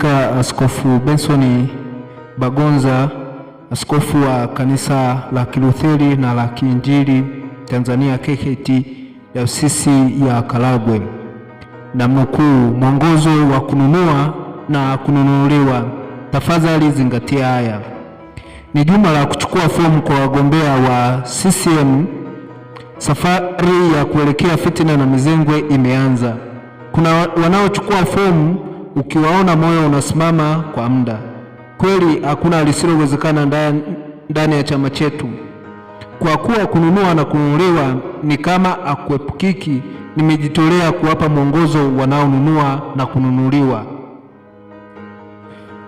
Hakika Askofu Benson Bagonza, askofu wa kanisa la Kilutheri na la Kiinjili Tanzania KKT Dayosisi ya Karagwe, na mkuu mwongozo wa kununua na kununuliwa, tafadhali zingatia haya. Ni juma la kuchukua fomu kwa wagombea wa CCM. Safari ya kuelekea fitina na mizengwe imeanza. Kuna wanaochukua fomu ukiwaona moyo unasimama kwa muda. Kweli hakuna lisilowezekana ndani ya chama chetu, kwa kuwa kununua na kununuliwa ni kama akuepukiki. Nimejitolea kuwapa mwongozo wanaonunua na kununuliwa.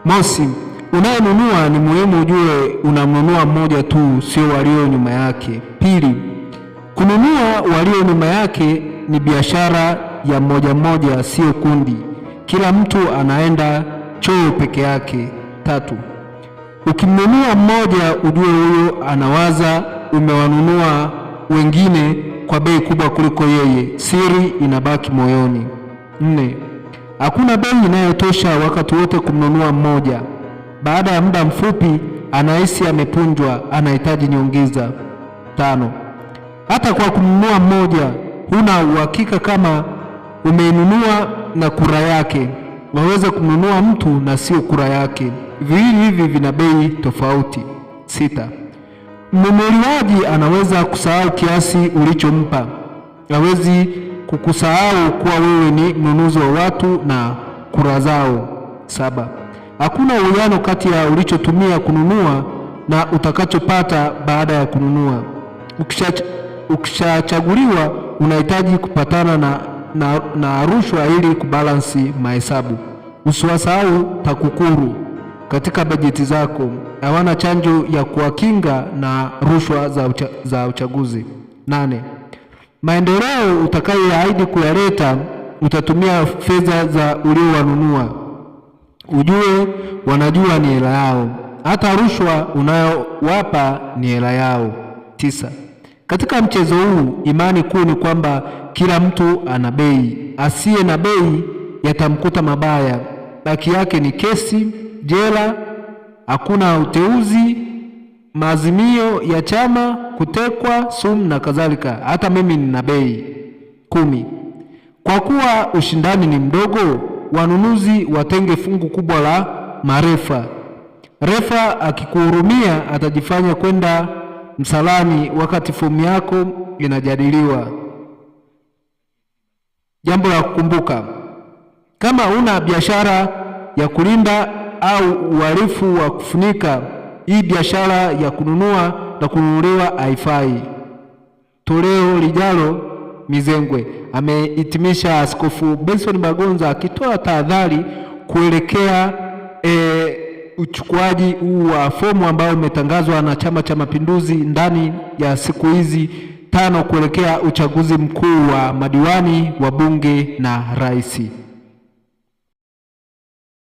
Mosi, unayenunua ni muhimu ujue unamnunua mmoja tu, sio walio nyuma yake. Pili, kununua walio nyuma yake ni biashara ya mmoja mmoja, sio kundi. Kila mtu anaenda choo peke yake. Tatu, ukimnunua mmoja, ujue huyo anawaza umewanunua wengine kwa bei kubwa kuliko yeye, siri inabaki moyoni. Nne, hakuna bei inayotosha wakati wote kumnunua mmoja. Baada ya muda mfupi anahisi amepunjwa, anahitaji nyongeza. Tano, hata kwa kumnunua mmoja huna uhakika kama umeinunua na kura yake. Waweza kumnunua mtu na sio kura yake, viwili hivi vina bei tofauti. Sita, mnunuliwaji anaweza kusahau kiasi ulichompa. Hawezi kukusahau kuwa wewe ni mnunuzi wa watu na kura zao. Saba, hakuna uwiano kati ya ulichotumia kununua na utakachopata baada ya kununua. Ukishachaguliwa, unahitaji kupatana na na, na rushwa ili kubalansi mahesabu. Usiwasahau TAKUKURU katika bajeti zako. Hawana chanjo ya kuwakinga na rushwa za, ucha, za uchaguzi. Nane, maendeleo utakayoahidi kuyaleta utatumia fedha za uliowanunua. Ujue wanajua ni hela yao, hata rushwa unayowapa ni hela yao. Tisa, katika mchezo huu imani kuu ni kwamba kila mtu ana bei. Asiye na bei yatamkuta mabaya, baki yake ni kesi, jela, hakuna uteuzi, maazimio ya chama, kutekwa, sumu na kadhalika. Hata mimi nina bei kumi. Kwa kuwa ushindani ni mdogo, wanunuzi watenge fungu kubwa la marefa. Refa akikuhurumia atajifanya kwenda msalani wakati fomu yako inajadiliwa. Jambo la kukumbuka, kama una biashara ya kulinda au uhalifu wa kufunika, hii biashara ya kununua na kununuliwa haifai. Toleo lijalo mizengwe. Amehitimisha Askofu Benson Bagonza akitoa tahadhari kuelekea e, uchukuaji huu wa fomu ambao umetangazwa na Chama cha Mapinduzi ndani ya siku hizi tano kuelekea uchaguzi mkuu wa madiwani, wabunge na rais.